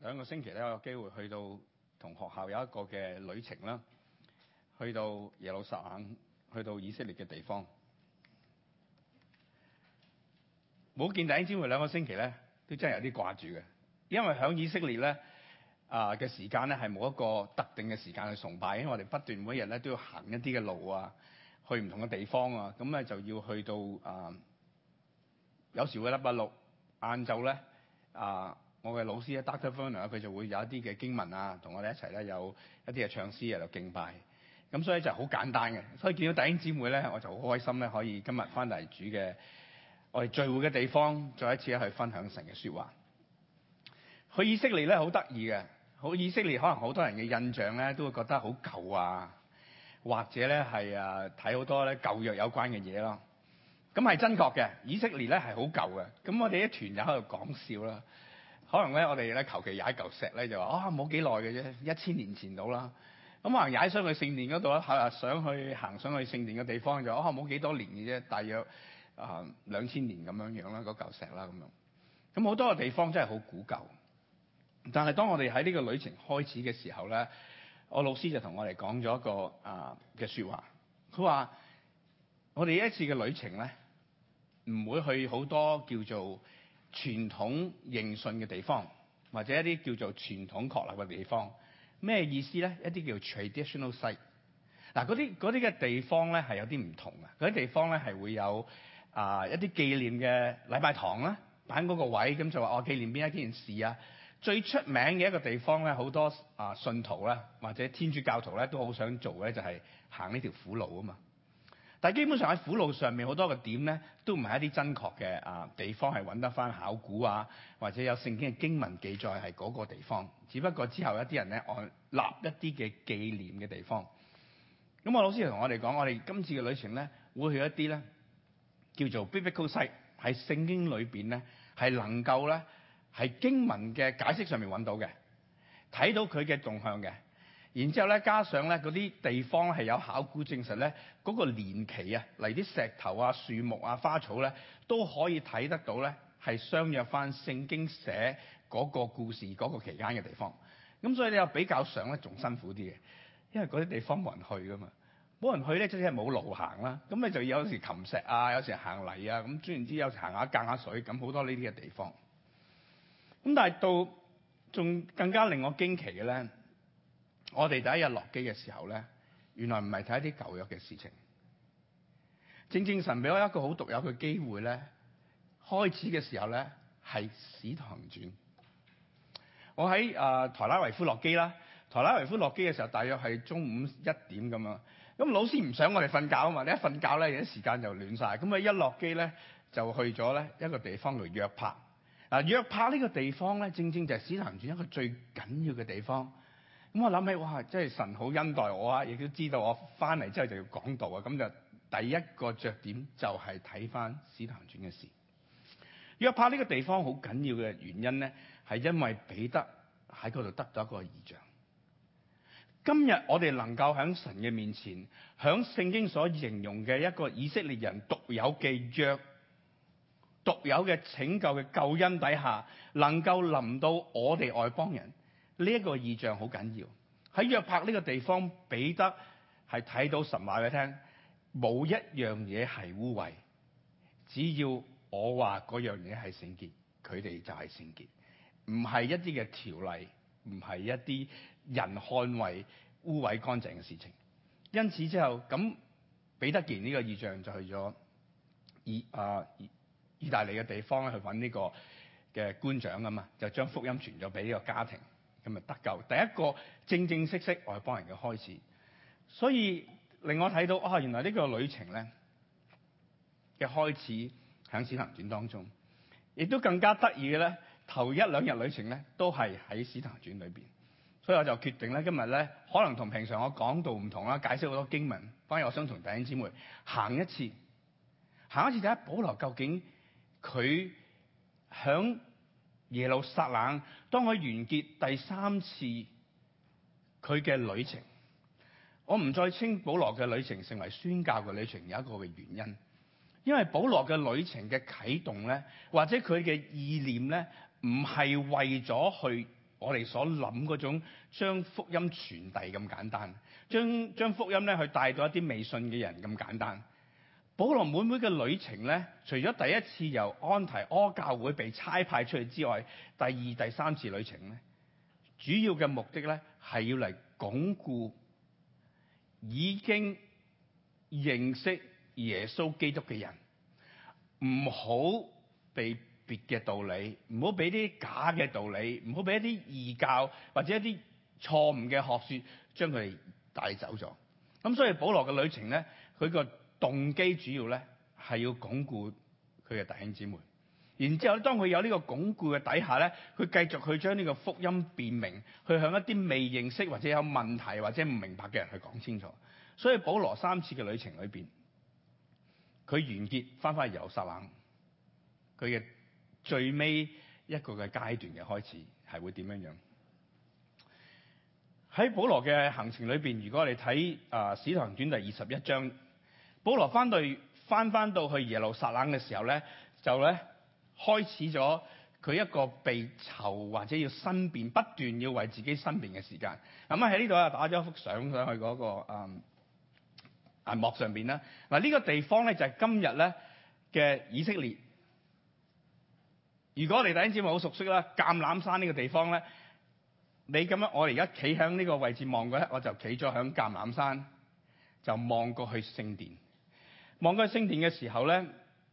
兩個星期咧，有機會去到同學校有一個嘅旅程啦，去到耶路撒冷，去到以色列嘅地方。冇見第一週末兩個星期咧，都真係有啲掛住嘅，因為喺以色列咧啊嘅時間咧係冇一個特定嘅時間去崇拜，因為我哋不斷每一日咧都要行一啲嘅路啊，去唔同嘅地方啊，咁咧就要去到啊、呃，有時會禮拜六，晏晝咧啊。呃我嘅老師咧，Doctor Funnell，佢就會有一啲嘅經文啊，同我哋一齊咧有一啲嘅唱詩喺度敬拜咁，所以就好簡單嘅。所以見到弟兄姊妹咧，我就好開心咧，可以今日翻嚟主嘅我哋聚會嘅地方，再一次去分享神嘅説話。去以色列咧，好得意嘅。好以色列，可能好多人嘅印象咧都會覺得好舊啊，或者咧係啊睇好多咧舊約有關嘅嘢咯。咁係真確嘅，以色列咧係好舊嘅。咁我哋一團友喺度講笑啦。可能咧，我哋咧求其踩嚿石咧就話啊，冇幾耐嘅啫，一千年前到啦。咁可能踩上去聖殿嗰度咧，係啊，想去行上去聖殿嘅地方就啊，冇、哦、幾多年嘅啫，大約啊、呃、兩千年咁樣樣啦，嗰嚿石啦咁樣。咁好多個地方真係好古舊。但係當我哋喺呢個旅程開始嘅時候咧，我老師就同我哋講咗一個啊嘅、呃、説話。佢話我哋呢一次嘅旅程咧，唔會去好多叫做。傳統認信嘅地方，或者一啲叫做傳統確立嘅地方，咩意思咧？一啲叫 traditional site。嗱，啲啲嘅地方咧係有啲唔同嘅，啲地方咧係會有啊、呃、一啲紀念嘅禮拜堂啦，擺個位咁就話我紀念邊一件事啊。最出名嘅一個地方咧，好多啊、呃、信徒咧，或者天主教徒咧，都好想做嘅就係、是、行呢條苦路啊嘛。但係基本上喺苦路上面好多嘅點咧，都唔係一啲真確嘅啊，地方係揾得翻考古啊，或者有聖經嘅經文記載係嗰個地方，只不過之後一啲人咧我立一啲嘅紀念嘅地方。咁我老師同我哋講，我哋今次嘅旅程咧會去一啲咧叫做 biblical site 喺聖經裏邊咧係能夠咧係經文嘅解釋上面揾到嘅，睇到佢嘅動向嘅。然之後咧，加上咧嗰啲地方係有考古證實咧，嗰、那個年期啊，嚟啲石頭啊、樹木啊、花草咧，都可以睇得到咧，係相約翻聖經寫嗰個故事嗰個期間嘅地方。咁所以又比較上咧仲辛苦啲嘅，因為嗰啲地方冇人去噶嘛，冇人去咧即係冇路行啦。咁你就有時擒石啊，有時行泥啊，咁雖然之有時行一下隔一下水，咁好多呢啲嘅地方。咁但係到仲更加令我驚奇嘅咧～我哋第一日落機嘅時候咧，原來唔係睇一啲舊約嘅事情，正正神俾我一個好獨有嘅機會咧。開始嘅時候咧，係史堂傳。我喺誒台拉維夫落機啦，台拉維夫落機嘅時候大約係中午一點咁樣。咁老師唔想我哋瞓覺啊嘛，你一瞓覺咧，啲時間就亂晒。咁啊一落機咧，就去咗咧一個地方嚟約帕。嗱約帕呢個地方咧，正正就係史堂傳一個最緊要嘅地方。咁我諗起哇，即係神好恩待我啊！亦都知道我翻嚟之後就要講道啊！咁就第一個着點就係睇翻《使徒行傳》嘅事。約帕呢個地方好緊要嘅原因咧，係因為彼得喺嗰度得咗一個異象。今日我哋能夠喺神嘅面前，喺聖經所形容嘅一個以色列人獨有嘅約、獨有嘅拯救嘅救恩底下，能夠臨到我哋外邦人。呢一個異象好緊要，喺約帕呢個地方。彼得係睇到神話俾聽，冇一樣嘢係污穢。只要我話嗰樣嘢係聖潔，佢哋就係聖潔，唔係一啲嘅條例，唔係一啲人捍衞污穢乾淨嘅事情。因此之後咁，彼得既然呢個異象就去咗意啊意大利嘅地方咧，去揾呢個嘅官長啊嘛，就將福音傳咗俾呢個家庭。咁咪得救，第一個正正式式外邦人嘅開始，所以令我睇到啊、哦，原來呢個旅程咧嘅開始喺《在使徒行傳》當中，亦都更加得意嘅咧，頭一兩日旅程咧都係喺《使徒行傳》裏面。所以我就決定咧今日咧，可能同平常我講道唔同啦，解釋好多經文，反而我想同弟兄姊妹行一次，行一次睇下保羅究竟佢響，耶路撒冷，當佢完結第三次佢嘅旅程，我唔再稱保羅嘅旅程成為宣教嘅旅程，有一個嘅原因，因為保羅嘅旅程嘅啟動咧，或者佢嘅意念咧，唔係為咗去我哋所諗嗰種將福音傳遞咁簡單，將將福音咧去帶到一啲未信嘅人咁簡單。保羅妹妹嘅旅程咧，除咗第一次由安提阿教會被差派出去之外，第二、第三次旅程咧，主要嘅目的咧係要嚟鞏固已經認識耶穌基督嘅人，唔好被別嘅道理，唔好俾啲假嘅道理，唔好俾一啲異教或者一啲錯誤嘅學說將佢哋帶走咗。咁所以保羅嘅旅程咧，佢個。動機主要咧係要鞏固佢嘅弟兄姊妹，然之後當佢有呢個鞏固嘅底下咧，佢繼續去將呢個福音辨明，去向一啲未認識或者有問題或者唔明白嘅人去講清楚。所以保羅三次嘅旅程裏邊，佢完結返返耶路撒冷，佢嘅最尾一個嘅階段嘅開始係會點樣樣？喺保羅嘅行程裏邊，如果你睇啊《使徒行傳》第二十一章。保羅翻隊翻翻到去耶路撒冷嘅時候咧，就咧開始咗佢一個被囚或者要申辯，不斷要為自己申辯嘅時間。咁啊喺呢度啊打咗一幅相上去嗰、那個啊、嗯、銀幕上邊啦。嗱呢個地方咧就係今日咧嘅以色列。如果我哋弟兄姊妹好熟悉啦，橄欖山呢個地方咧，你咁樣我哋而家企喺呢個位置望過咧，我就企咗喺橄欖山，就望過去聖殿。望佢升聖殿嘅時候咧，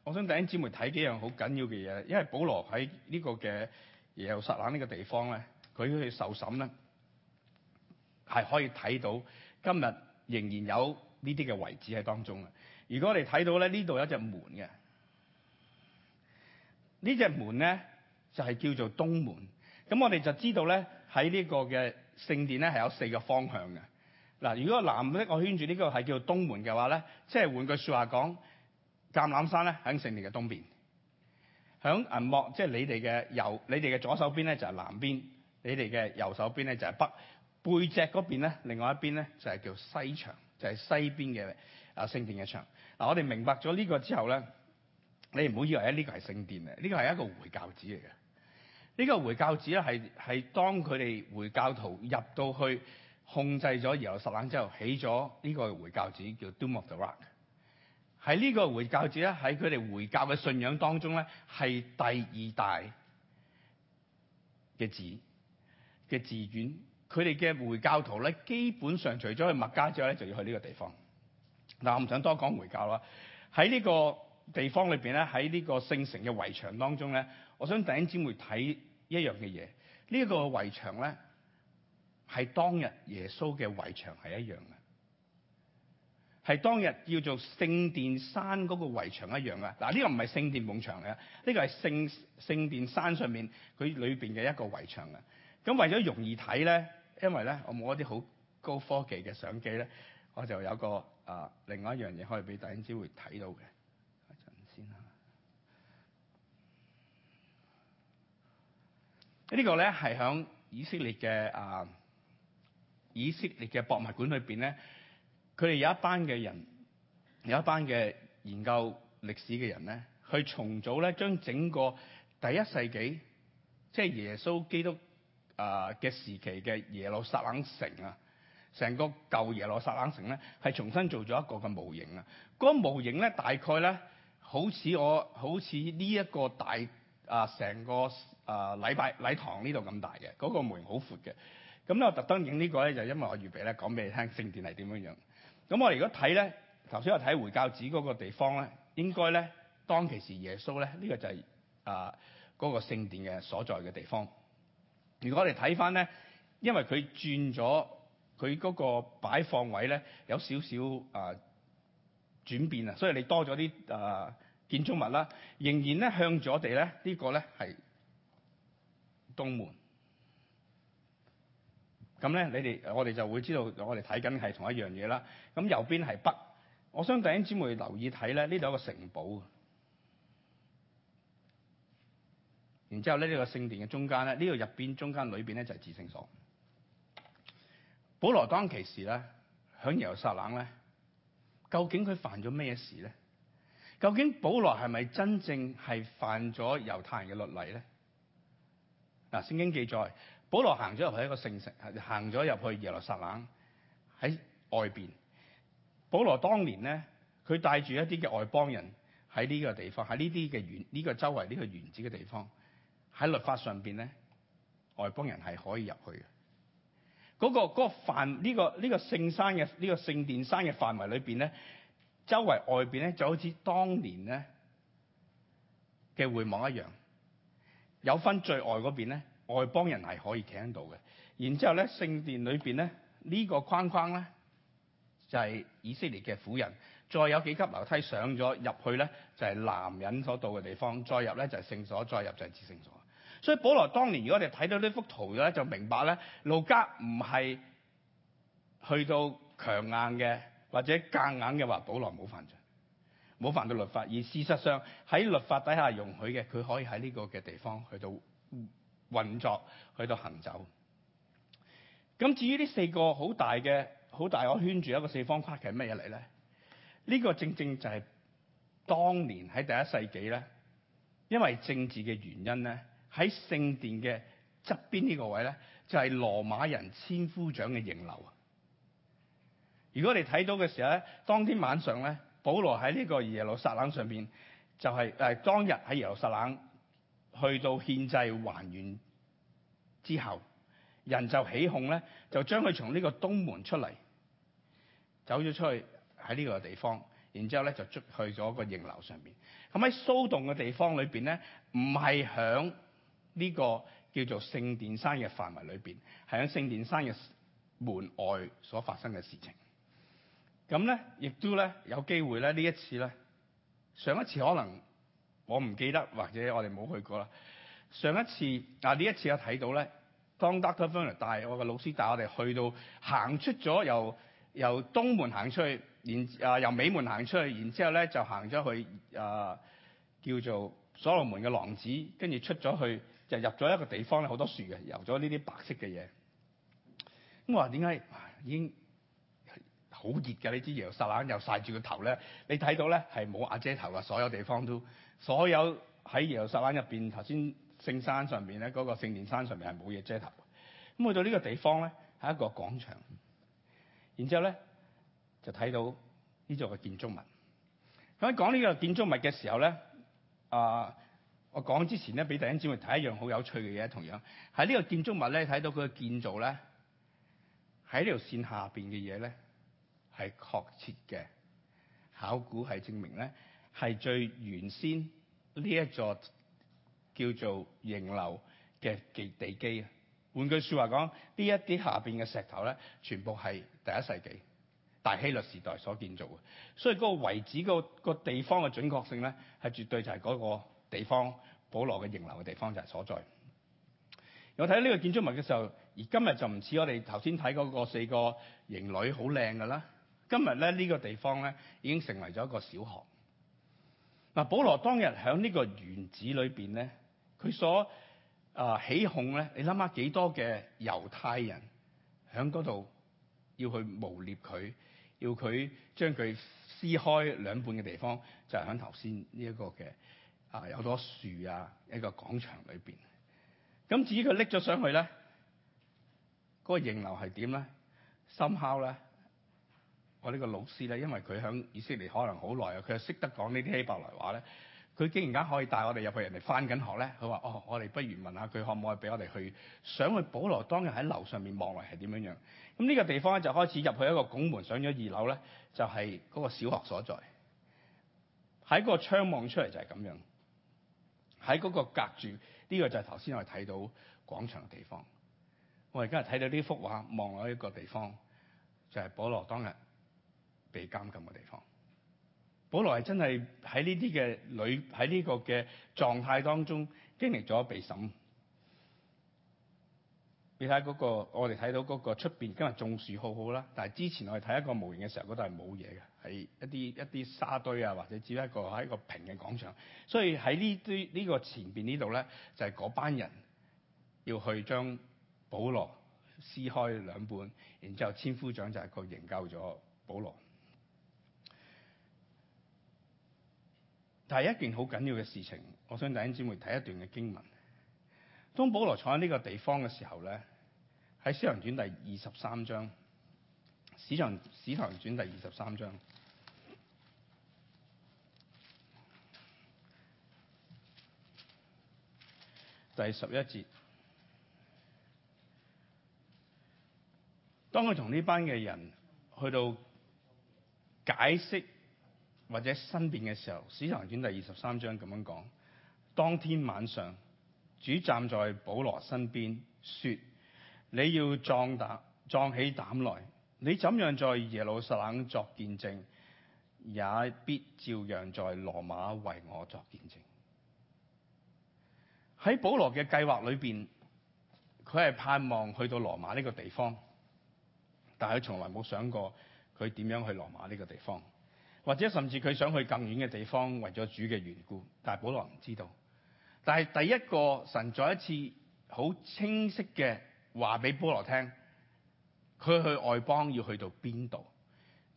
我想弟兄姊妹睇幾樣好緊要嘅嘢，因為保羅喺呢個嘅耶路撒冷呢個地方咧，佢去受審咧，係可以睇到今日仍然有呢啲嘅遺址喺當中啊！如果我哋睇到咧，呢度有一隻門嘅，呢隻門咧就係叫做東門。咁我哋就知道咧喺呢個嘅聖殿咧係有四個方向嘅。嗱，如果藍色我圈住呢個係叫做東門嘅話咧，即係換句説話講，橄欖山咧喺聖殿嘅東邊，喺銀幕即係你哋嘅右，你哋嘅左手邊咧就係南邊，你哋嘅右手邊咧就係北，背脊嗰邊咧另外一邊咧就係叫西牆，就係西邊嘅啊聖殿嘅牆。嗱，我哋明白咗呢個之後咧，你唔好以為咧呢個係聖殿啊，呢個係一個回教寺嚟嘅。呢個回教寺咧係係當佢哋回教徒入到去。控制咗耶路撒冷之後，起咗呢個回教寺叫 Dome of the Rock。喺呢個回教寺咧，喺佢哋回教嘅信仰當中咧，係第二大嘅寺嘅寺院。佢哋嘅回教徒咧，基本上除咗去麥加之後咧，就要去呢個地方。嗱，我唔想多講回教啦。喺呢個地方裏邊咧，喺呢個聖城嘅圍牆當中咧，我想第一尖會睇一樣嘅嘢。呢、呢個圍牆咧。係當日耶穌嘅圍牆係一樣嘅，係當日叫做聖殿山嗰個圍牆一樣嘅。嗱、這、呢個唔係聖殿幕牆嚟嘅，呢、這個係聖聖殿山上面佢裏邊嘅一個圍牆嘅。咁為咗容易睇咧，因為咧我冇一啲好高科技嘅相機咧，我就有個啊另外一樣嘢可以俾大家姊妹睇到嘅。一陣先啦。這個、呢個咧係響以色列嘅啊。以色列嘅博物館裏邊咧，佢哋有一班嘅人，有一班嘅研究歷史嘅人咧，去重組咧將整個第一世紀，即係耶穌基督啊嘅時期嘅耶路撒冷城啊，成個舊耶路撒冷城咧，係重新做咗一個嘅模型啊！嗰個模型咧，嗰個、模型大概咧好似我好似呢一個大啊成個啊禮拜禮堂呢度咁大嘅，嗰、嗰個門好闊嘅。咁咧，我特登影呢個咧，就因為我預備咧講俾你聽聖殿係點樣樣，咁我哋如果睇咧，頭先我睇回教寺嗰個地方咧，應該咧當其時耶穌咧，呢個就係啊嗰個聖殿嘅所在嘅地方。如果我哋睇翻咧，因為佢轉咗佢嗰個擺放位咧，有少少啊轉變啊，所以你多咗啲啊建築物啦，仍然咧向咗地咧，呢個咧係東門。咁咧，你哋我哋就會知道，我哋睇緊係同一樣嘢啦。咁右邊係北，我想弟兄姊妹留意睇咧，呢度有個城堡。然之後呢，呢個聖殿嘅中間咧，呢度入邊、中間裏邊咧就係至聖所。保羅當其時咧，喺耶路撒冷咧，究竟佢犯咗咩事咧？究竟保羅係咪真正係犯咗猶太人嘅律例咧？嗱，聖經記載。保羅行咗入去一個聖城，行咗入去耶路撒冷喺外邊。保羅當年咧，佢帶住一啲嘅外邦人喺呢個地方，喺呢啲嘅院呢個周圍呢個院子嘅地方，喺律法上邊咧，外邦人係可以入去嘅。嗰個嗰個範呢個呢個聖山嘅呢個聖殿山嘅範圍裏邊咧，周圍外邊咧就好似當年咧嘅會幕一樣，有分最外嗰邊咧。外邦人係可以企到嘅，然之後咧聖殿裏面咧呢、呢個框框咧就係、是、以色列嘅婦人，再有幾級樓梯上咗入去咧就係、是、男人所到嘅地方，再入咧就係、是、聖所，再入就係至聖所。所以保羅當年如果你睇到呢幅圖咧，就明白咧路加唔係去到強硬嘅或者夾硬嘅話，保羅冇犯罪，冇犯到律法。而事實上喺律法底下容許嘅，佢可以喺呢個嘅地方去到。運作去到行走，咁至於呢四個好大嘅好大我圈住一個四方框嘅係咩嘢嚟咧？呢個正正就係當年喺第一世紀咧，因為政治嘅原因咧，喺聖殿嘅側邊呢個位咧就係羅馬人千夫長嘅營樓。如果你睇到嘅時候咧，當天晚上咧，保羅喺呢個耶路撒冷上邊就係誒當日喺耶路撒冷。去到憲制還原之後，人就起哄咧，就將佢從呢個東門出嚟，走咗出去喺呢個地方，然之後咧就出去咗個營樓上面。咁喺騷動嘅地方裏邊咧，唔係響呢個叫做聖殿山嘅範圍裏邊，係響聖殿山嘅門外所發生嘅事情。咁咧亦都咧有機會咧呢這一次咧，上一次可能。我唔記得，或者我哋冇去過啦。上一次啊，呢一次我睇到咧，當 Doctor Fuller 帶我嘅老師帶我哋去到行出咗，由由東門行出去，然啊由美門行出去，然之後咧就行咗去、啊、叫做所羅門嘅廊子，跟住出咗去就入咗一個地方咧，好多樹嘅，游咗呢啲白色嘅嘢。咁我話點解已經好熱嘅？你知，又曬眼又曬住個頭咧。你睇到咧係冇阿姐頭啊，所有地方都。所有喺耶路撒冷入邊，頭先聖山上面咧，嗰、那個聖殿山上面係冇嘢遮頭。咁去到呢個地方咧，係一個廣場。然之後咧，就睇到呢座嘅建築物。咁喺講呢個建築物嘅時候咧，啊、呃，我講之前咧，俾大家一陣會睇一樣好有趣嘅嘢，同樣喺呢個建築物咧，睇到佢嘅建造咧，喺呢條線下邊嘅嘢咧，係確切嘅考古係證明咧。係最原先呢一座叫做營樓嘅地基啊！換句說話講，呢一啲下邊嘅石頭咧，全部係第一世紀大希律時代所建造嘅，所以嗰個遺址嗰個地方嘅準確性咧，係絕對就係嗰個地方保羅嘅營樓嘅地方就係所在。我睇呢個建築物嘅時候，而今日就唔似我哋頭先睇嗰個四個營女好靚噶啦，今日咧呢個地方咧已經成為咗一個小學。嗱，保羅當日響呢個園子裏邊咧，佢所啊起哄咧，你諗下幾多嘅猶太人響度要去誣衊佢，要佢將佢撕開兩半嘅地方，就係響頭先呢一個嘅啊有棵樹啊一個廣場裏邊。咁至於佢拎咗上去咧，嗰個形流係點咧？深效咧？我呢個老師咧，因為佢響以色列可能好耐啊，佢又識得講呢啲希伯來話咧，佢竟然間可以帶我哋入去人哋返緊學咧。佢話：哦，我哋不如問下佢可唔可以俾我哋去想去。保羅當日喺樓上面望嚟係點樣樣？咁呢個地方咧就開始入去一個拱門，上咗二樓咧，就係嗰個小學所在。喺個窗望出嚟就係咁樣。喺嗰個隔住，呢個就係頭先我哋睇到廣場嘅地方。我而家睇到呢幅畫，望落一個地方就係保羅當日被監禁嘅地方，保羅係真係喺呢啲嘅女喺呢個嘅狀態當中經歷咗被審。你睇嗰、嗰個，我哋睇到嗰個出邊，今日種樹好好啦，但係之前我哋睇一個模型嘅時候，嗰度係冇嘢嘅，係一啲一啲沙堆啊，或者只一個喺一個平嘅廣場。所以喺呢堆呢個前邊呢度咧，就係、是、嗰班人要去將保羅撕開兩半，然之後千夫長就係佢營救咗保羅。係一件好緊要嘅事情，我想等姊妹睇一段嘅經文。當保羅坐喺呢個地方嘅時候咧，喺《使徒行傳》第二十三章，《使徒使徒行傳》第二十三章第十一節，當佢同呢班嘅人去到解釋。或者申辯嘅時候，《使徒行傳》第二十三章咁樣講：當天晚上，主站在保羅身邊，說：你要壯膽，壯起膽來，你怎樣在耶路撒冷作見證，也必照樣在羅馬為我作見證。喺保羅嘅計劃裏邊，佢係盼望去到羅馬呢個地方，但係佢從來冇想過佢點樣去羅馬呢個地方。或者甚至佢想去更遠嘅地方為咗主嘅緣故，但係保羅唔知道。但係第一個神再一次好清晰嘅話俾保羅聽，佢去外邦要去到邊度？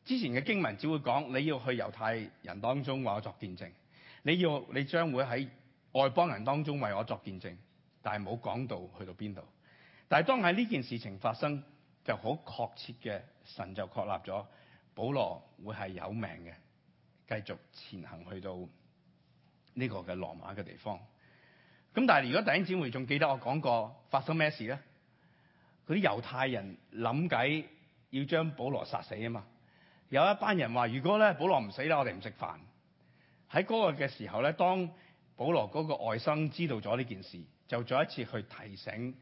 之前嘅經文只會講你要去猶太人當中為我作見證，你要你將會喺外邦人當中為我作見證，但係冇講到去到邊度。但係當喺呢件事情發生，就好確切嘅神就確立咗。保羅會係有命嘅，繼續前行去到呢個嘅羅馬嘅地方。咁但係如果弟兄姊妹仲記得我講過發生咩事咧？嗰啲猶太人諗計要將保羅殺死啊嘛。有一班人話，如果咧保羅唔死咧，我哋唔食飯。喺嗰個嘅時候咧，當保羅嗰個外甥知道咗呢件事，就再一次去提醒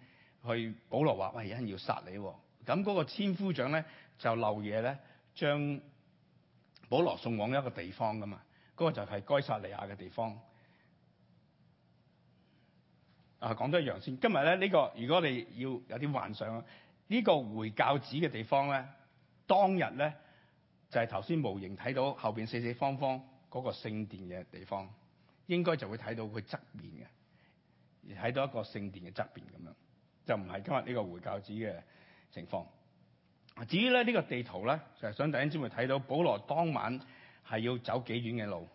去保羅話：喂，有人要殺你。咁嗰個千夫長咧就漏嘢咧。將保羅送往一個地方噶嘛，嗰個就係該撒利亞嘅地方。啊，講多一樣先。今日咧呢個如果你要有啲幻想，呢個回教寺嘅地方咧，當日咧就係頭先模型睇到後邊四四方方嗰個聖殿嘅地方，應該就會睇到佢側面嘅，而睇到一個聖殿嘅側面咁樣就唔係今日呢個回教寺嘅情況。至於咧呢、這個地圖咧，就係、是、想第一先會睇到，保羅當晚係要走幾遠嘅路，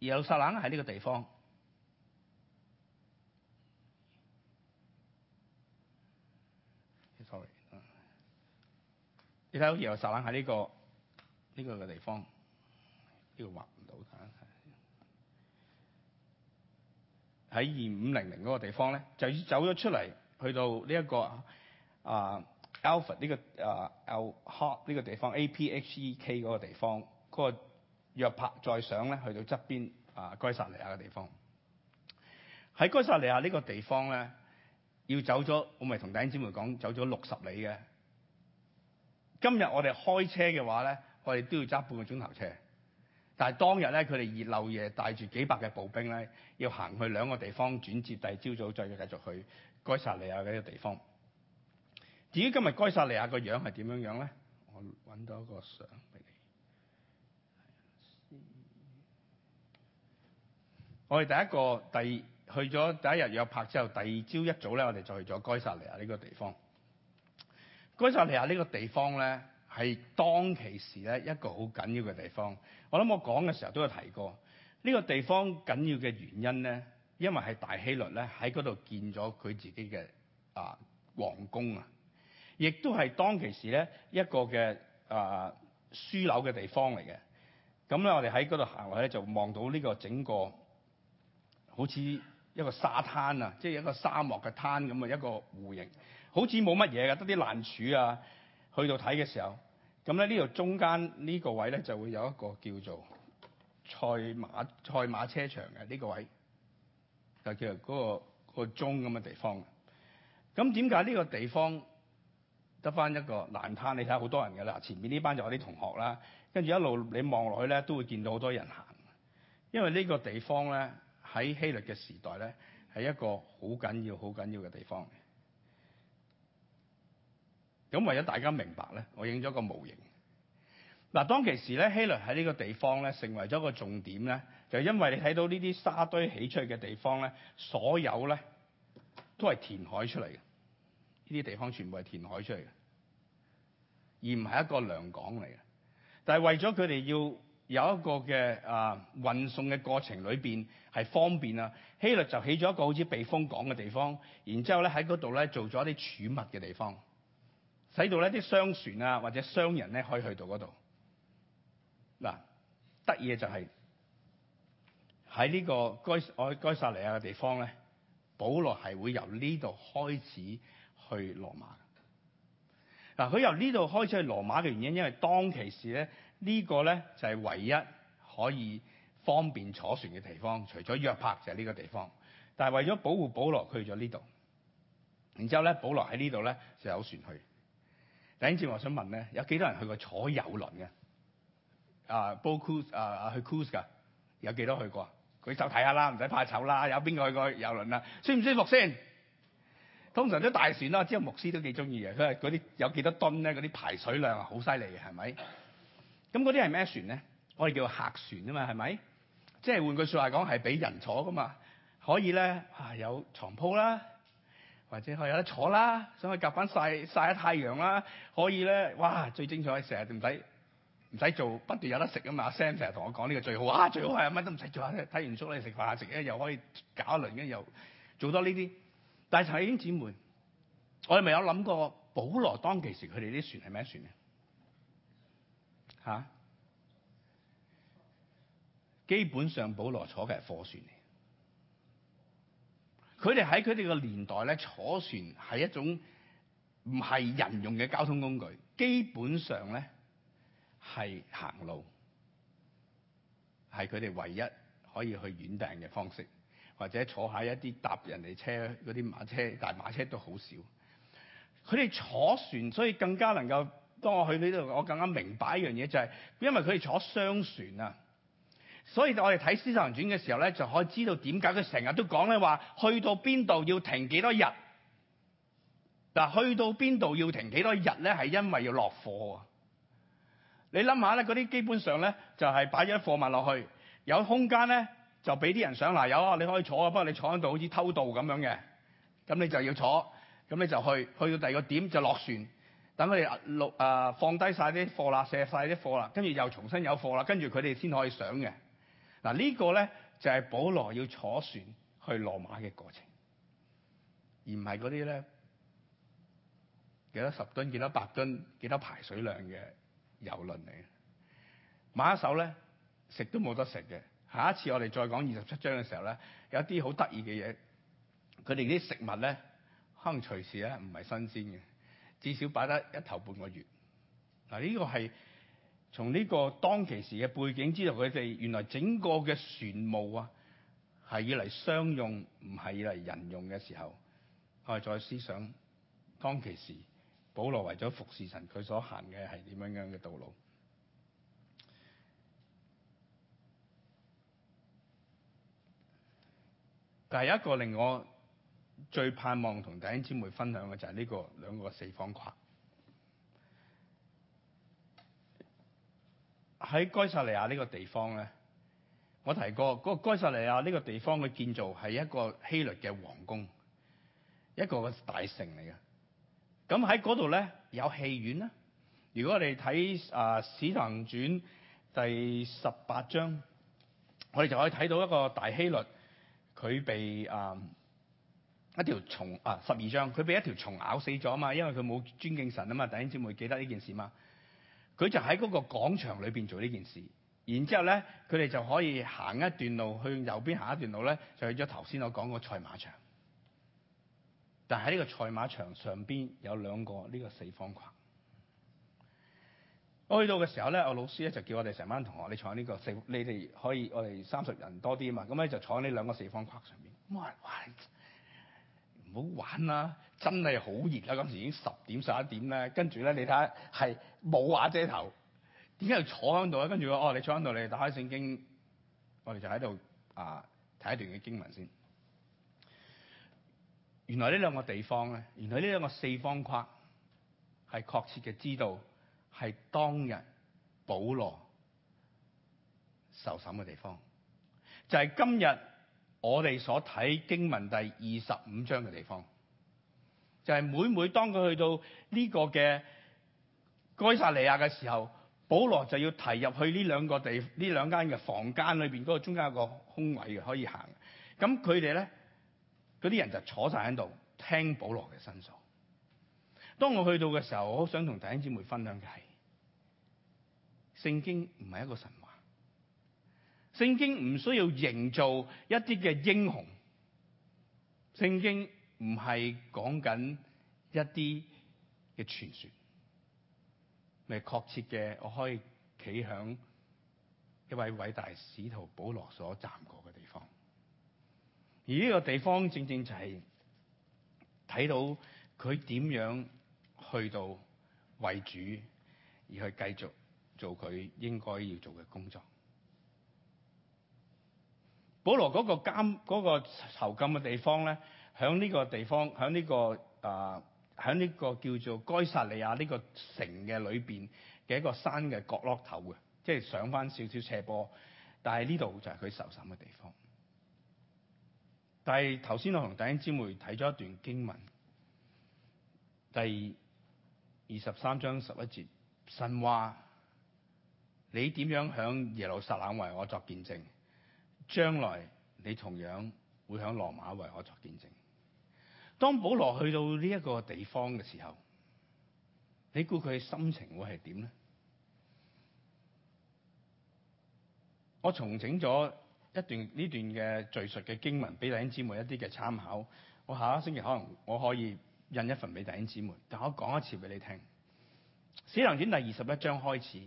耶路撒冷喺呢個地方。sorry，你睇到耶路撒冷喺呢、這個呢、這個嘅地方，呢、這、度、個、畫唔到嚇。喺二五零零嗰個地方咧，就已走咗出嚟，去到呢、這、一個啊。Alpha 呢、呢個啊 l p h a 呢個地方，APHEK 嗰個地方，嗰、e、個約帕再上咧，去到側邊啊，該撒利亞嘅地方。喺該撒利亞呢個地方咧，要走咗，我咪同弟兄姊妹講，走咗六十里嘅。今日我哋開車嘅話咧，我哋都要揸半個鐘頭車。但係當日咧，佢哋熱漏夜帶住幾百嘅步兵咧，要行去兩個地方轉接，第二朝早再繼續去該撒利亞嘅一個地方。至於今日該撒利亞個樣係點樣樣咧？我揾到一個相俾你。我哋第一個第去咗第一日約拍之後，第二朝一早咧，我哋就去咗該撒利亞呢個地方。該撒利亞呢個地方咧，係當其時咧一個好緊要嘅地方。我諗我講嘅時候都有提過，呢個地方緊要嘅原因咧，因為係大希律咧喺嗰度建咗佢自己嘅啊王宮啊。亦都係當其時咧一個嘅啊，樞紐嘅地方嚟嘅。咁咧，我哋喺嗰度行落咧，就望到呢個整個好似一個沙灘啊，即係一個沙漠嘅灘咁嘅一個弧形，好似冇乜嘢嘅，得啲爛柱啊。去到睇嘅時候，咁咧呢度中間呢個位咧就會有一個叫做賽馬賽馬車場嘅呢個位，就叫做嗰、嗰個、嗰個鐘咁嘅地方。咁點解呢個地方？得翻一個爛攤，你睇下好多人嘅啦。前面呢班就有啲同學啦，跟住一路你望落去咧，都會見到好多人行。因為呢個地方咧，喺希律嘅時代咧，係一個好緊要、好緊要嘅地方。咁為咗大家明白咧，我影咗個模型。嗱，當其時咧，希律喺呢個地方咧，成為咗一個重點咧，就係因為你睇到呢啲沙堆起出去嘅地方咧，所有咧都係填海出嚟嘅。呢啲地方全部係填海出嚟嘅，而唔係一個良港嚟嘅。但係為咗佢哋要有一個嘅啊運送嘅過程裏邊係方便啊，希律就起咗一個好似避風港嘅地方，然之後咧喺嗰度咧做咗一啲儲物嘅地方，使到呢啲商船啊或者商人咧可以去到嗰度。嗱，得意嘅就係喺呢個該愛該撒利亞嘅地方咧，保羅係會由呢度開始。去羅馬。嗱，佢由呢度開始去羅馬嘅原因，因為當其時咧呢個咧就係唯一可以方便坐船嘅地方，除咗約帕就係呢個地方。但係為咗保護保羅去咗呢度，然之後咧保羅喺呢度咧就有船去。第一次我想問咧，有幾多人去過坐遊輪嘅？啊、uh，包 cruise 啊，去 cruise 㗎？有幾多去過？舉手睇下啦，唔使怕醜啦。有邊個去過遊輪啊？舒唔舒服先？通常啲大船啦，之後牧師都幾中意嘅，佢係嗰啲有幾多噸咧？嗰啲排水量好犀利嘅，係咪？咁嗰啲係咩船咧？我哋叫客船啊嘛，係咪？即係換句説話講，係俾人坐噶嘛，可以咧啊有床鋪啦，或者可以有得坐啦，想去夾翻晒晒下太陽啦，可以咧哇最精彩，成日唔使唔使做，不斷有得食啊嘛！阿 Sam 成日同我講呢個最好，哇最好係乜都唔使做，睇完書你食飯食咧又可以搞一輪，跟又做多呢啲。但係弟兄姊妹，我哋未有諗過，保羅當其時佢哋啲船係咩船啊？嚇！基本上，保羅坐嘅係貨船嚟。佢哋喺佢哋個年代咧，坐船係一種唔係人用嘅交通工具。基本上咧，係行路，係佢哋唯一可以去遠訂嘅方式。或者坐下一啲搭人哋車嗰啲馬車，大馬車都好少。佢哋坐船，所以更加能夠當我去呢度，我更加明白一樣嘢，就係因為佢哋坐商船啊。所以我哋睇《使徒行傳》嘅時候咧，就可以知道點解佢成日都講咧話去到邊度要停幾多日。但去到邊度要停幾多日咧？係因為要落貨啊！你諗下咧，嗰啲基本上咧就係擺咗貨物落去，有空間咧。就俾啲人上嚟有啊！你可以坐啊，不過你坐喺度好似偷渡咁樣嘅，咁你就要坐，咁你就去，去到第二個點就落船，等佢哋放低晒啲貨啦，卸晒啲貨啦，跟住又重新有貨啦，跟住佢哋先可以上嘅。嗱、這個、呢個咧就係、是、保羅要坐船去羅馬嘅過程，而唔係嗰啲咧幾多十噸、幾多百噸、幾多排水量嘅郵輪嚟。買一手咧食都冇得食嘅。下一次我哋再講二十七章嘅時候咧，有一啲好得意嘅嘢，佢哋啲食物咧，可能隨時咧唔係新鮮嘅，至少擺得一頭半個月。嗱呢個係從呢個當其時嘅背景知道佢哋原來整個嘅船務啊，係以嚟商用，唔係以嚟人用嘅時候，我哋再思想當其時保羅為咗服侍神，佢所行嘅係點樣樣嘅道路。第一個令我最盼望同弟兄姊妹分享嘅就係呢個兩個四方框。喺該撒利亞呢個地方咧，我提過，個該撒利亞呢個地方嘅建造係一個希律嘅皇宮，一個大城嚟嘅。咁喺度咧有戲院啦。如果看我哋睇《啊史滕傳》第十八章，我哋就可以睇到一個大希律。佢被、嗯、一啊一條蟲啊，十二章，佢被一條蟲咬死咗啊嘛，因為佢冇尊敬神啊嘛，弟兄姊妹記得呢件事嘛。佢就喺嗰個廣場裏邊做呢件事，然之後咧，佢哋就可以行一段路去右邊行一段路咧，就去咗頭先我講個賽馬場，但係呢個賽馬場上邊有兩個呢個四方框。我去到嘅時候咧，我老師咧就叫我哋成班同學，你坐喺呢個四，你哋可以我哋三十人多啲啊嘛，咁咧就坐喺呢兩個四方框上面。哇，唔好玩啦，真係好熱啦。今時已經十點十一點啦，跟住咧你睇下係冇瓦遮頭，點解要坐喺度咧？跟住我，哦，你坐喺度，你打開聖經，我哋就喺度啊睇一段嘅經文先。原來呢兩個地方咧，原來呢兩個四方框係確切嘅知道。係當日保羅受審嘅地方，就係今日我哋所睇經文第二十五章嘅地方，就係每每當佢去到呢個嘅該撒利亞嘅時候，保羅就要提入去呢兩個地，呢兩間嘅房間裏邊個中間有個空位嘅，可以行那他們，咁佢哋咧啲人就坐晒喺度聽保羅嘅申訴。當我去到嘅時候，我好想同弟兄姊妹分享嘅係。聖經唔係一個神話，聖經唔需要營造一啲嘅英雄，聖經唔係講緊一啲嘅傳說，咪確切嘅，我可以企響一位偉大使徒保羅所站過嘅地方，而呢個地方正正就係睇到佢點樣去到為主而去繼續做佢應該要做嘅工作。保羅嗰個監、嗰個、囚禁嘅地方咧，喺呢個地方喺呢、呢個啊喺呢個叫做該撒利亞呢個城嘅裏邊嘅一個山嘅角落頭嘅，即係上返少少斜坡。但係呢度就係佢受審嘅地方。但係頭先我同弟兄姊妹睇咗一段經文，第二，二十三章十一節神話。你點樣響耶路撒冷為我作見證？將來你同樣會響羅馬為我作見證。當保羅去到呢一個地方嘅時候，你估佢心情會係點咧？我重整咗一段呢段嘅敘述嘅經文俾弟兄姊妹一啲嘅參考。我下一星期可能我可以印一份俾弟兄姊妹，但我講一次俾你聽。使徒行傳第二十一章開始。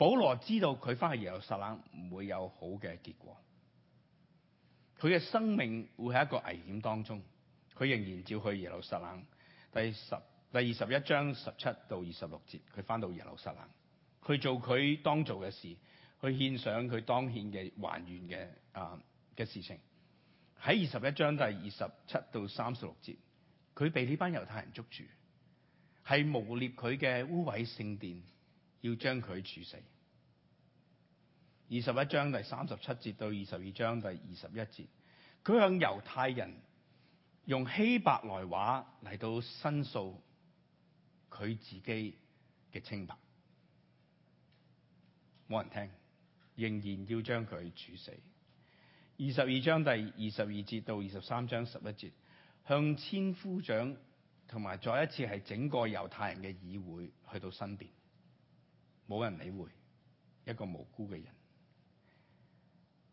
保羅知道佢翻去耶路撒冷唔會有好嘅結果，佢嘅生命會喺一個危險當中，佢仍然照去耶路撒冷。第十第二十一章十七到二十六節，佢翻到耶路撒冷，佢做佢當做嘅事，去獻上佢當獻嘅還願嘅啊嘅事情。喺二十一章第二十七到三十六節，佢被呢班猶太人捉住，係誣衊佢嘅污穢聖殿。要將佢處死。二十一章第三十七節到二十二章第二十一節，佢向猶太人用希伯來話嚟到申訴佢自己嘅清白，冇人聽，仍然要將佢處死。二十二章第二十二節到二十三章十一節，向千夫長同埋再一次係整個猶太人嘅議會去到申辯。冇人理會一個無辜嘅人。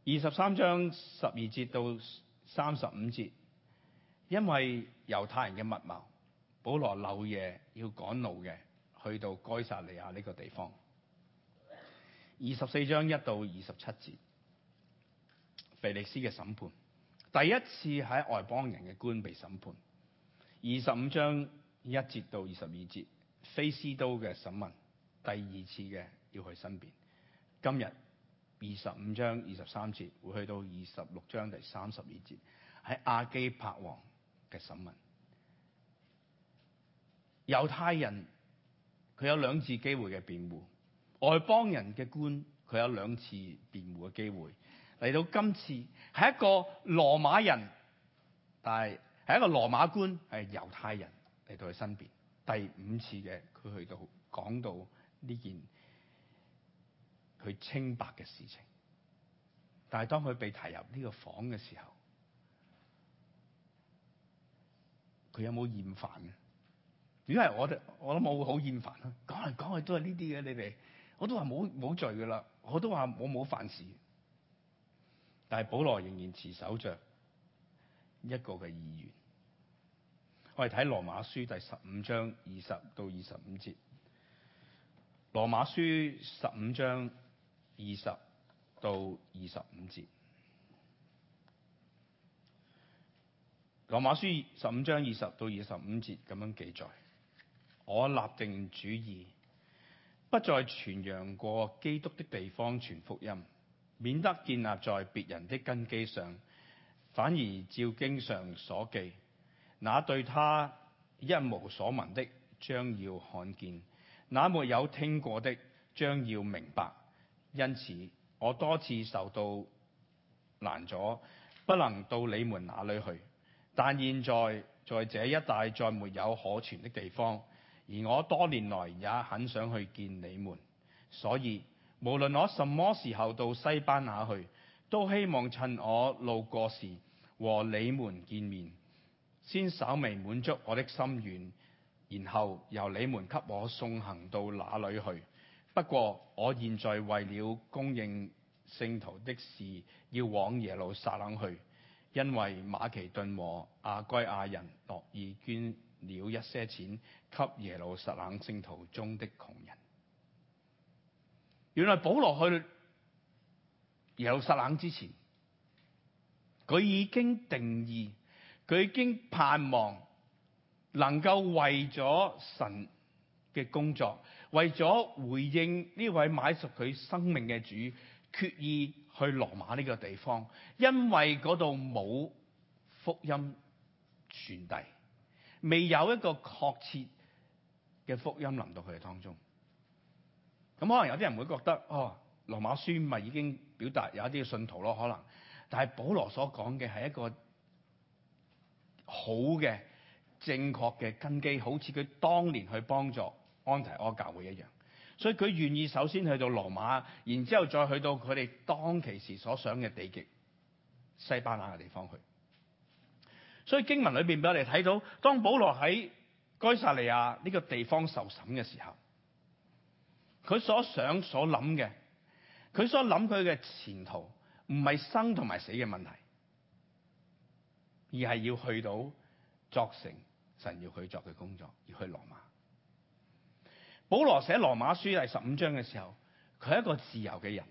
二十三章十二節到三十五節，因為猶太人嘅密謀，保羅漏夜要趕路嘅，去到該撒利亞呢個地方。二十四章一到二十七節，腓力斯嘅審判，第一次喺外邦人嘅官被審判。二十五章一節到二十二節，非斯都嘅審問。第二次嘅要去申辯，今日二十五章二十三節會去到二十六章第三十二節，喺亞基帕王嘅審問，猶太人佢有兩次機會嘅辯護，外邦人嘅官佢有兩次辯護嘅機會，嚟到今次係一個羅馬人，但係係一個羅馬官係猶太人嚟到佢身邊，第五次嘅佢去到講到。呢件佢清白嘅事情，但係當佢被提入呢個房嘅時候，佢有冇厭煩嘅？如果係我哋，我諗我會好厭煩啊，講嚟講去都係呢啲嘅，你哋我都話冇冇罪噶啦，我都話我冇犯事。但係保羅仍然持守着一個嘅意願。我哋睇羅馬書第十五章二十到二十五節。羅馬書十五章二十到二十五節，羅馬書十五章二十到二十五節咁樣記載：我立定主意，不再傳揚過基督的地方傳福音，免得建立在別人的根基上，反而照經上所記，那對他一無所聞的，將要看見。那沒有聽過的將要明白，因此我多次受到攔阻，不能到你們那裏去。但現在在這一帶再沒有可傳的地方，而我多年來也很想去見你們，所以無論我什麼時候到西班牙去，都希望趁我路過時和你們見面，先稍微滿足我的心願。然後由你們給我送行到哪裡去？不過我現在為了供應聖徒的事，要往耶路撒冷去，因為馬其頓和阿圭亞人樂意捐了一些錢給耶路撒冷聖徒中的窮人。原來保羅去耶路撒冷之前，佢已經定義，佢已經盼望。能夠為咗神嘅工作，為咗回應呢位買贖佢生命嘅主，決意去羅馬呢個地方，因為度冇福音傳遞，未有一個確切嘅福音臨到佢哋當中。咁可能有啲人會覺得，哦，羅馬書咪已經表達有一啲信徒咯，可能，但係保羅所講嘅係一個好嘅正確嘅根基，好似佢當年去幫助安提阿教會一樣，所以佢願意首先去到羅馬，然之後再去到佢哋當其時所想嘅地極——西班牙嘅地方去。所以經文裏面俾我哋睇到，當保羅喺該撒利亞呢個地方受審嘅時候，佢所想所諗嘅，佢所諗佢嘅前途，唔係生同埋死嘅問題，而係要去到作成。神要佢作嘅工作，要去羅馬。保羅寫羅馬書第十五章嘅時候，佢係一個自由嘅人，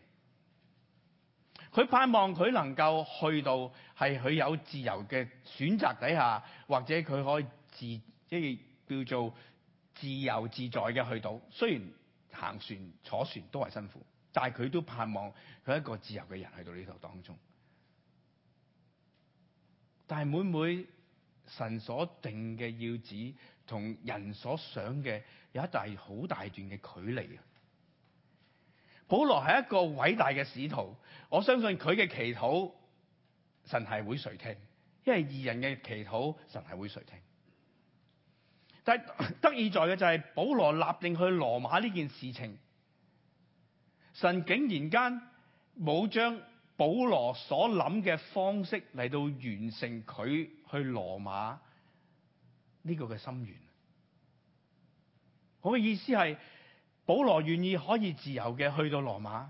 佢盼望佢能夠去到係佢有自由嘅選擇底下，或者佢可以自即係叫做自由自在嘅去到。雖然行船、坐船都係辛苦，但係佢都盼望佢係一個自由嘅人去到呢度當中。但係每唔神所定嘅要旨，同人所想嘅有一大好大段嘅距離啊！保羅係一個偉大嘅使徒，我相信佢嘅祈禱神係會垂聽，因為二人嘅祈禱神係會垂聽。但係得意在嘅就係保羅立定去羅馬呢件事情，神竟然間冇將保羅所諗嘅方式嚟到完成佢。去羅馬呢個嘅心願，我嘅意思係保羅願意可以自由嘅去到羅馬，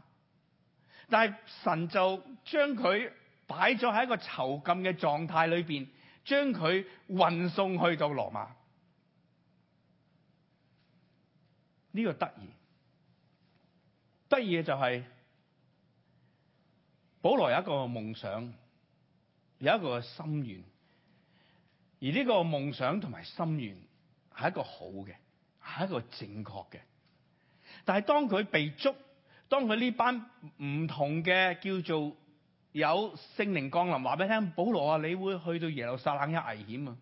但係神就將佢擺咗喺一個囚禁嘅狀態裏邊，將佢運送去到羅馬。呢個得意，得意嘅就係保羅有一個夢想，有一個心願。而呢個夢想同埋心願係一個好嘅，係一個正確嘅。但係當佢被捉，當佢呢班唔同嘅叫做有聖靈降臨話俾你聽保羅啊，你會去到耶路撒冷有危險啊！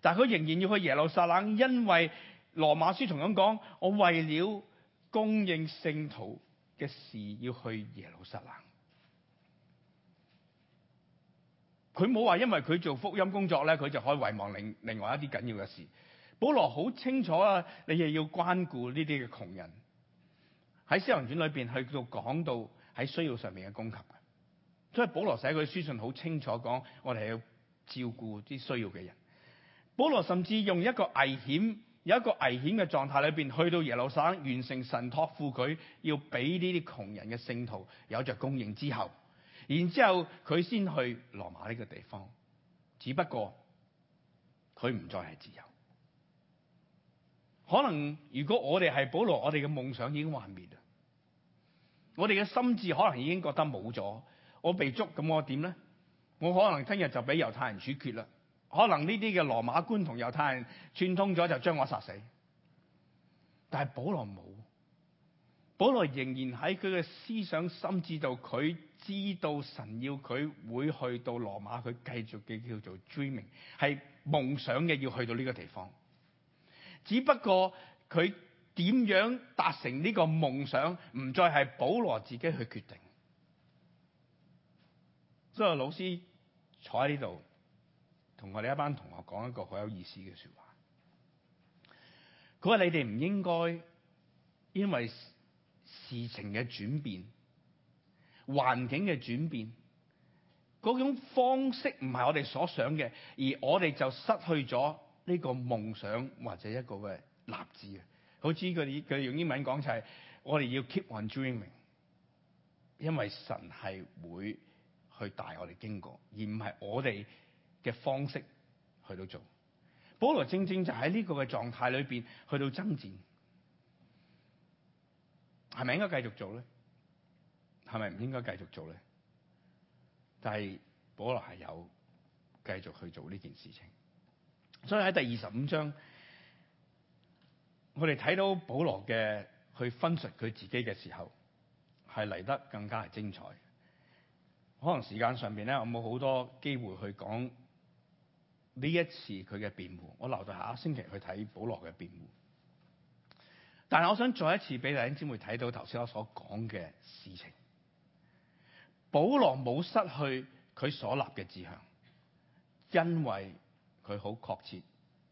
但係佢仍然要去耶路撒冷，因為羅馬書同樣講，我為了供應聖徒嘅事要去耶路撒冷。佢冇話因為佢做福音工作咧，佢就可以遺忘另另外一啲緊要嘅事。保羅好清楚啊，你又要關顧呢啲嘅窮人。喺使徒行傳裏邊去到講到喺需要上面嘅供給，所以保羅寫佢書信好清楚講，我哋係要照顧啲需要嘅人。保羅甚至用一個危險有一個危險嘅狀態裏邊，去到耶路撒冷完成神託付佢要俾呢啲窮人嘅聖徒有着供應之後。然之後佢先去羅馬呢個地方，只不過佢唔再係自由。可能如果我哋係保羅，我哋嘅夢想已經幻滅啦。我哋嘅心智可能已經覺得冇咗，我被捉，咁我點咧？我可能聽日就俾猶太人處決啦。可能呢啲嘅羅馬官同猶太人串通咗，就將我殺死。但係保羅冇，保羅仍然喺佢嘅思想心智度佢，知道神要佢會去到羅馬，佢繼續嘅叫做 dreaming，係夢想嘅要去到呢個地方。只不過佢點樣達成呢個夢想，唔再係保羅自己去決定。所以我老師坐喺呢度，同我哋一班同學講一個好有意思嘅說話。佢話你哋唔應該因為事情嘅轉變。環境嘅轉變，嗰種方式唔係我哋所想嘅，而我哋就失去咗呢個夢想或者一個嘅立志啊。好似佢哋佢哋用英文講就係，我哋要 keep on dreaming，因為神係會去帶我哋經過，而唔係我哋嘅方式去到做。保羅正正就喺呢個嘅狀態裏邊去到爭戰，係咪應該繼續做咧？係咪唔應該繼續做咧？但係保羅係有繼續去做呢件事情，所以喺第二十五章，我哋睇到保羅嘅去分析佢自己嘅時候，係嚟得更加係精彩。可能時間上面咧，我冇好多機會去講呢一次佢嘅辯護，我留到下一星期去睇保羅嘅辯護。但係我想再一次俾弟兄姐妹睇到頭先我所講嘅事情。保羅冇失去佢所立嘅志向，因為佢好確切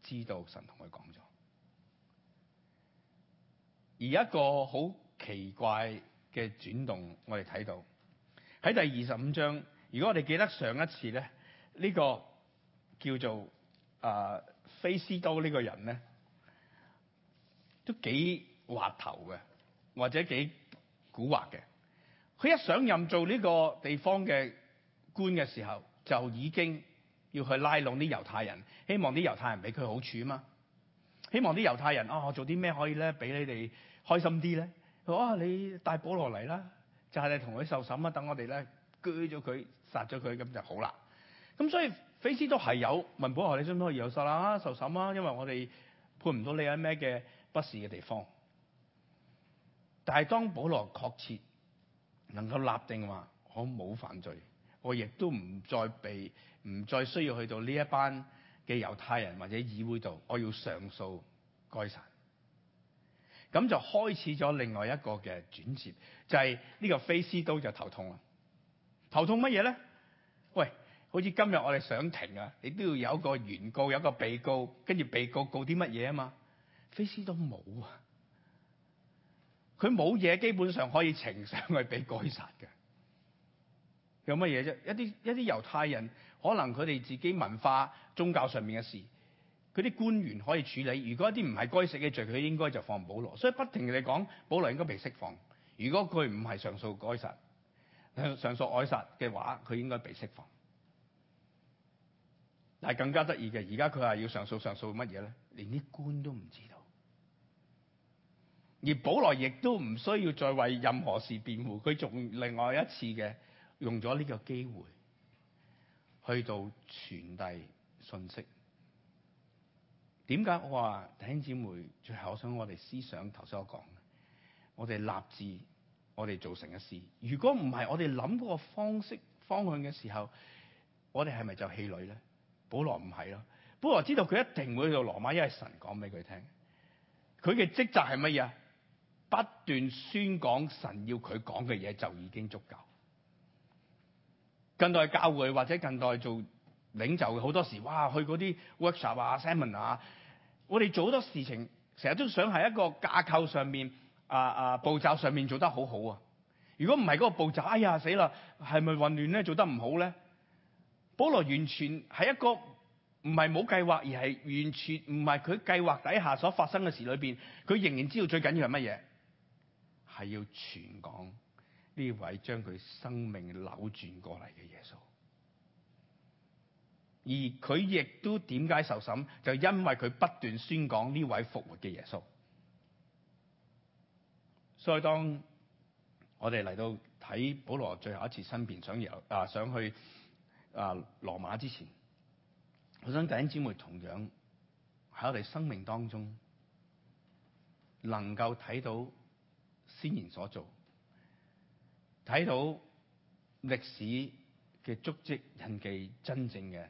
知道神同佢講咗。而一個好奇怪嘅轉動我，我哋睇到喺第二十五章。如果我哋記得上一次咧，呢、這個叫做啊非斯都呢個人咧，都幾滑頭嘅，或者幾蠱惑嘅。佢一上任做呢個地方嘅官嘅時候，就已經要去拉攏啲猶太人，希望啲猶太人俾佢好處啊嘛！希望啲猶太人啊，我、哦、做啲咩可以咧俾你哋開心啲咧？佢話啊、哦，你帶保羅嚟啦，就係你同佢受審啊，等我哋咧鋸咗佢、殺咗佢咁就好啦。咁所以菲斯都係有問保羅你想唔想而受殺啊、受審啊？因為我哋判唔到你有咩嘅不是嘅地方。但係當保羅確切。能夠立定話我冇犯罪，我亦都唔再被唔再需要去到呢一班嘅猶太人或者議會度，我要上訴該撒。咁就開始咗另外一個嘅轉折，就係、是、呢個菲斯都就頭痛啦。頭痛乜嘢咧？喂，好似今日我哋上庭啊，你都要有個原告，有個被告，跟住被告告啲乜嘢啊嘛？菲斯都冇啊。佢冇嘢，基本上可以呈上去被改殺嘅，有乜嘢啫？一啲一啲猶太人可能佢哋自己文化宗教上面嘅事，佢啲官員可以處理。如果一啲唔係該死嘅罪，佢應該就放保羅。所以不停哋講保羅應該被釋放。如果佢唔係上訴改殺，上訴改殺嘅話，佢應該被釋放。但係更加得意嘅，而家佢係要上訴上訴乜嘢咧？連啲官都唔知道。而保羅亦都唔需要再為任何事辯護，佢仲另外一次嘅用咗呢個機會去到傳遞信息。點解我話弟兄姊妹？最後我想我哋思想頭先我講我哋立志我哋做成一事。如果唔係我哋諗嗰個方式方向嘅時候，我哋係咪就戲餒氣餒咧？保羅唔係咯，保羅知道佢一定會去到羅馬，因為神講俾佢聽，佢嘅職責係乜嘢啊？不斷宣講神要佢講嘅嘢就已經足夠。近代教會或者近代做領袖好多時哇，去啲 workshop 啊、seminar 啊，我哋做好多事情，成日都想喺一個架構上面、啊啊，步驟上面做得好好啊。如果唔係個步驟，哎呀死啦，係咪混亂咧？做得唔好咧？保羅完全係一個唔係冇計劃而係完全唔係佢計劃底下所發生嘅事裏邊，佢仍然知道最緊要係乜嘢。係要傳講呢位將佢生命扭轉過嚟嘅耶穌，而佢亦都點解受審，就因為佢不斷宣講呢位復活嘅耶穌。所以當我哋嚟到睇保羅最後一次申辯，想游啊想去啊羅馬之前，我想弟兄姊妹同樣喺我哋生命當中能夠睇到。天然所做，睇到歷史嘅足跡印記真正嘅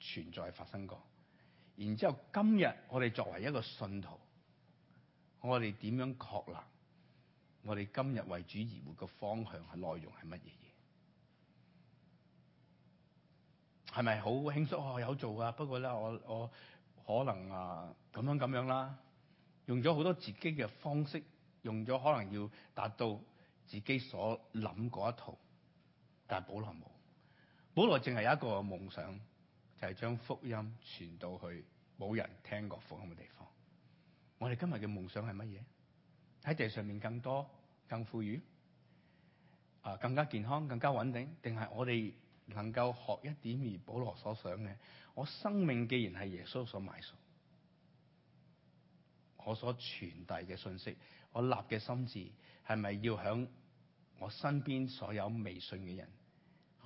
存在發生過。然之後今日我哋作為一個信徒，我哋點樣確立我哋今日為主而活嘅方向、係內容係乜嘢嘢？係咪好輕鬆？我、哦、有做啊？不過咧，我我可能啊咁樣咁樣啦，用咗好多自己嘅方式。用咗可能要達到自己所諗嗰一套，但係保羅冇，保羅淨係有一個夢想，就係、是、將福音傳到去冇人聽過福音嘅地方。我哋今日嘅夢想係乜嘢？喺地上面更多、更富裕，啊，更加健康、更加穩定，定係我哋能夠學一點而保羅所想嘅？我生命既然係耶穌所買的，我所傳遞嘅信息。我立嘅心志係咪要響我身邊所有未信嘅人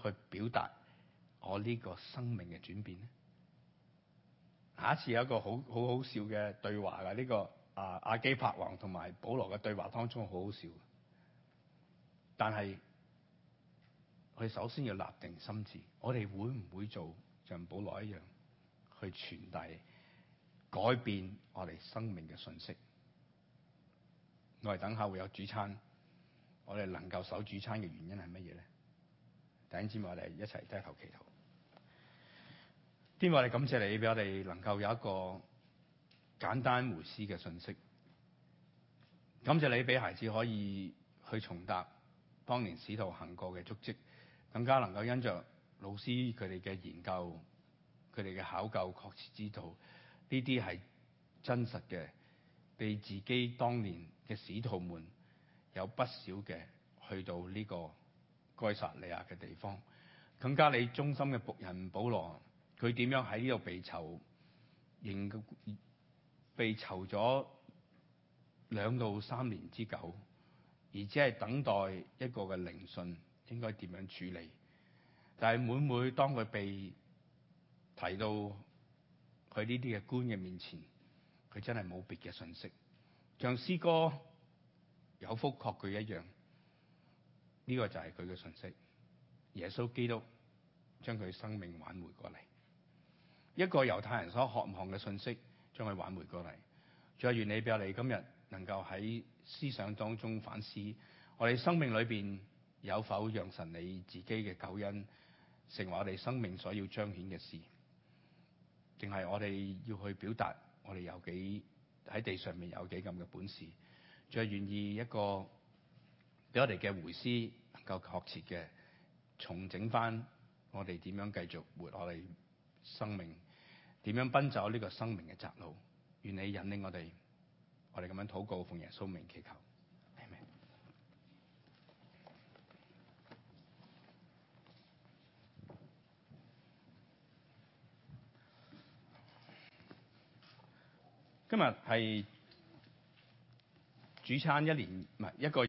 去表達我呢個生命嘅轉變咧？下一次有一個好好好笑嘅對話噶，呢個阿、啊、亞基帕王同埋保羅嘅對話當中好好笑，但係佢首先要立定心志，我哋會唔會做像保羅一樣去傳遞改變我哋生命嘅信息？我哋等下會有主餐，我哋能夠守主餐嘅原因係乜嘢咧？等陣先我哋一齊低頭祈禱。天父，我感謝你俾我哋能夠有一個簡單回師嘅信息。感謝你俾孩子可以去重踏當年使徒行過嘅足跡，更加能夠因着老師佢哋嘅研究、佢哋嘅考究，確實知道呢啲係真實嘅。被自己當年嘅使徒們有不少嘅去到呢個該撒利亞嘅地方。更加你中心嘅僕人保羅，佢點樣喺呢度被囚，被囚咗兩到三年之久，而只係等待一個嘅聆訊應該點樣處理？但係每每當佢被提到佢呢啲嘅官嘅面前。佢真係冇別嘅信息，像詩歌有福確據一樣，呢、這個就係佢嘅信息。耶穌基督將佢生命挽回過嚟，一個猶太人所渴望嘅信息，將佢挽回過嚟。再如你俾我哋今日能夠喺思想當中反思，我哋生命裏邊有否讓神你自己嘅救恩成為我哋生命所要彰顯嘅事，定係我哋要去表達？我哋有幾喺地上面有幾咁嘅本事，仲係願意一個俾我哋嘅回師能夠確切嘅重整翻我哋點樣繼續活我哋生命，點樣奔走呢個生命嘅窄路？願你引領我哋，我哋咁樣禱告，奉耶穌名祈求。今日係主餐一年，唔係一個月。